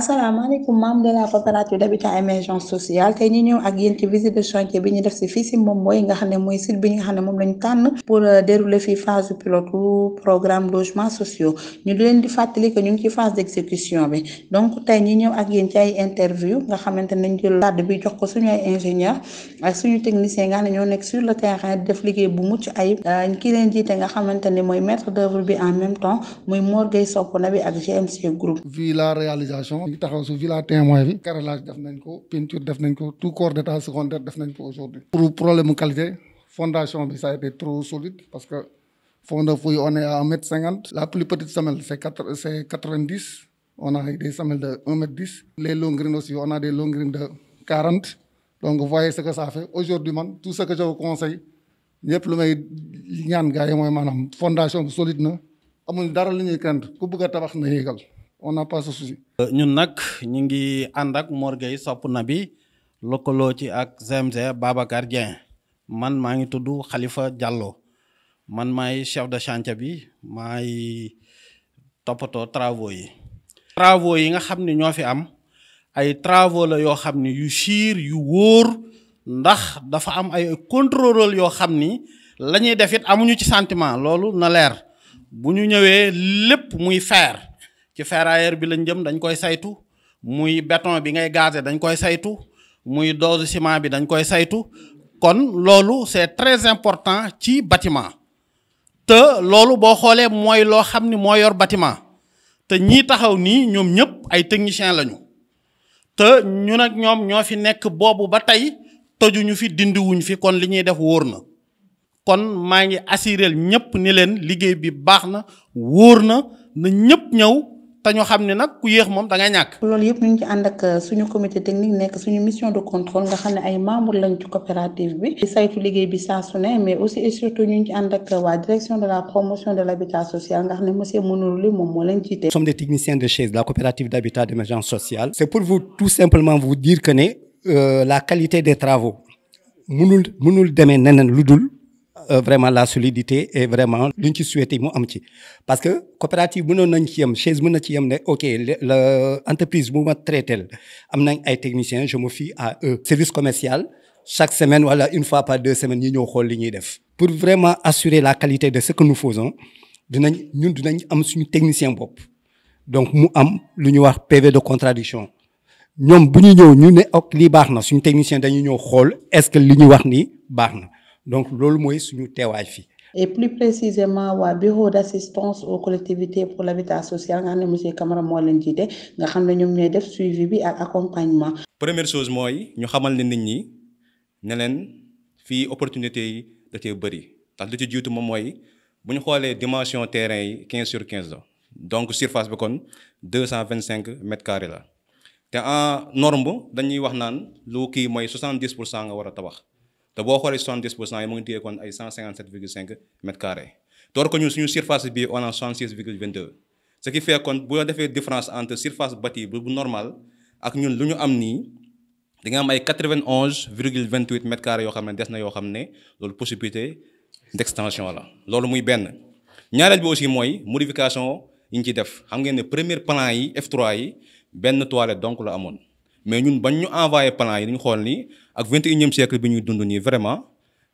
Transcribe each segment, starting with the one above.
asalaamaaleykum membre de la coopérative d'habitat émergence sociale tey ñu ñëw ak yéen ci visite de chantier bi ñu def si fii si moom mooy nga xam ne mooy site bi nga xam moom lañu tànn pour euh, dérouler fii phase pilote programme logement sociaux ñu leen di fàttali ñu ngi ci phase d'exécution bi donc tey ñu ñëw ak yéen ci ay interview nga xamante nañ jël ladd bi jox ko suñu ay ingénieur suñu technicien nga xam ne ñoo nekk sur le terrain di def liggéey bu mucc ayib euh, ki jiite nga xamante ne mooy maître d'œuvre bi en même temps muy Mor Gueye Sopona bi ak GMC groupe vu la réalisation ñu ngi taxaw su villa témoin bi carrelage def nañ ko peinture def nañ ko tout corps d'état secondaire def nañ ko aujourd'hui pour problème qualité fondation bi ça été trop solide parce que fond de fouille on est à un mètre cinquante la plus petite semelle c'est quatre c'est quatre-vingt-dix on a des semelles de un mètre dix les longrines aussi on a des longrines de quarante donc voyez ce que aujourd'hui man tout ce que je vous lu may ñaan gars yi mooy maanaam fondation bi na amul dara lu ñuy kent ku bëgg a tabax na yéegal on n'a nag ñu ngi ànd ak morgay sopp na bi lëkkaloo ci ak GMG Babacar Dieng man maa ngi tudd xalifa Diallo man maay chef de chantier bi maay toppatoo travaux yi. travaux yi nga xam ni ñoo fi am ay travaux la yoo xam ne yu siir yu wóor ndax dafa am ay contrôle yoo xam ni la ñuy def it amuñu ci sentiment loolu na leer bu ñu ñëwee lépp muy faire. ci ferrailleur bi lañ jëm dañ koy saytu muy béton bi ngay gaze dañ koy saytu muy dose ciment bi dañ koy saytu kon loolu c'est très important ci bâtiment te loolu boo xoolee mooy loo xam ni moo yor bâtiment te ñii taxaw nii ñoom ñëpp ay techniciens lañu te ñu nag ñoom ñoo fi nekk boobu ba tey tojuñu fi dindiwuñ fi kon li ñuy def wóor na kon maa ngi assuréel ñëpp ni leen liggéey bi baax na wóor na na ñëpp ñëw te ñu xam ne nag ku yéex moom da ngay ñàkk. loolu yëpp ñu ngi ci ànd ak uh, suñu comité technique nekk suñu mission de contrôle nga xam ne ay membres lañ ci coopérative bi. saytu liggéey bi saa ne mais aussi et surtout ñu ngi ànd ak uh, waa direction de la promotion de l' habitat social nga xam ne monsieur Mounirou moom moo leen jiite. nous sommes des techniciens de chaise la coopérative d' habitat d' sociale. c' pour vous tout simplement vous dire que ne euh, la qualité des lu dul. Euh, vraiment la solidité et vraiment lu ñu ci souhaité mu am ci parce que coopérative mënoon nañ ci yem chaise mën na ci yem ne ok la entreprise bu ma traité am nañ ay technicien je me fie à service commercial chaque semaine wala une fois par deux semaines ñi ñëw xool li ñuy def pour vraiment assurer la qualité de ce que nous faisons dinañ ñun dinañ am suñu technicien bopp donc mu am lu ñuy wax PV de contradiction ñoom bu ñu ñëw ñu ne ok lii baax na suñu technicien dañuy ñëw xool est-ce que li ñu wax nii baax na donc loolu mooy suñu teewaay fii. et plus précisément waa bureau d' assistance aux collectivités pour l'habitat social nga xam nga xam ne ñoom ñooy def suivi bi ak accompagnement. première chose mooy ñu xamal ne nit ñi ne leen fii opportunité yi da bëri ndax li ci jiitu moom mooy bu ñu xoolee dimension terrain yi 15 sur 15 la donc surface bi kon 225 mètres carrés la te en norme dañuy wax naan lu kii mooy 70 pour cent nga war a tabax. te boo xoolee soixante-dix pour cent yi mu ngi téye kon ay cent cinquante-sept virgule cinq mètres carrés door ko ñun suñu surface bi on a soixante-six virgule vingt-deux ce qui fait kon bu la defee différence entre surface bâtie bu normal ak ñun lu ñu am nii di nga am ay quatre-vingt-onze virgule vingt-huit mètres carrés yoo xam ne des na yoo xam ne loolu possibilité d'extension la loolu muy benn ñaareel bi aussi mooy modification yi ñu ci def xam ngeen ne premier plan yi F3 yi benn toilette donc la amoon mais ñun bañ ñu envoyé plan yi dañu xool ni ak vingt et unième siècle bi ñuy dund nii vraiment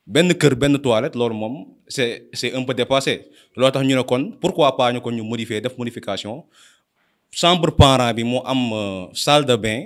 benn kër benn toilette loolu moom c'est c'est un peu dépassé loolu tax ñu ne kon pourquoi pas ñu kon ñu modifier def modification chambre parent bi moo am euh, salle de bain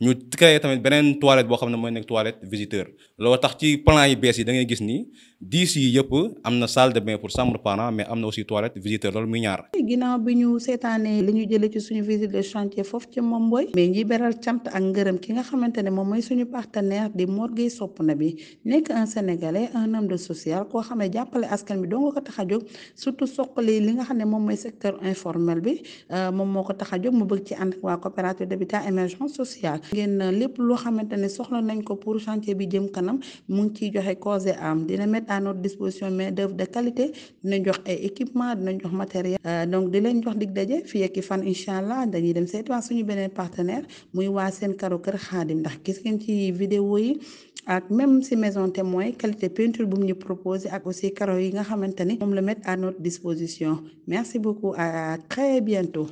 ñu créé tamit beneen toilette boo xam ne mooy nekk toilette visiteur loolu tax ci plan yi bees yi da gis ni diis yi yëpp am na salle de bain pour chambre parent mais am na aussi toilette visiteur loolu muy ñaar. ginnaaw bi ñu seetaanee li ñu jëlee ci suñu visite de chantier foofu ci moom mooy. mais ñi beral cant ak ngërëm ki nga xamante ne moom mooy suñu partenaire di Mor Gueye na bi nekk un sénégalais un homme de social koo xam ne jàppale askan bi doo nga ko tax a jóg surtout soqali li nga xam ne moom mooy secteur informel bi euh, moom moo ko tax a jóg mu bëgg ci ànd waa coopérative d'habitat émergence sociale. ngeen euh, lépp loo xamante ne soxla nañ ko pour chantier bi jëm kanam mu ngi ciy joxe cause am dina mettre à notre disposition main d'œuvre de qualité dina jox ay équipement dina jox matériel euh, donc di leen jox dig daje fii ak fan incha allah dañuy dem seetuwaat suñu beneen partenaire muy waa seen karo kër xaadim ndax gis ngeen ci vidéo yi ak même si maison mooy qualité peinture bu mu proposé ak aussi karo yi nga xamante ni moom la mettre à notre disposition merci beaucoup à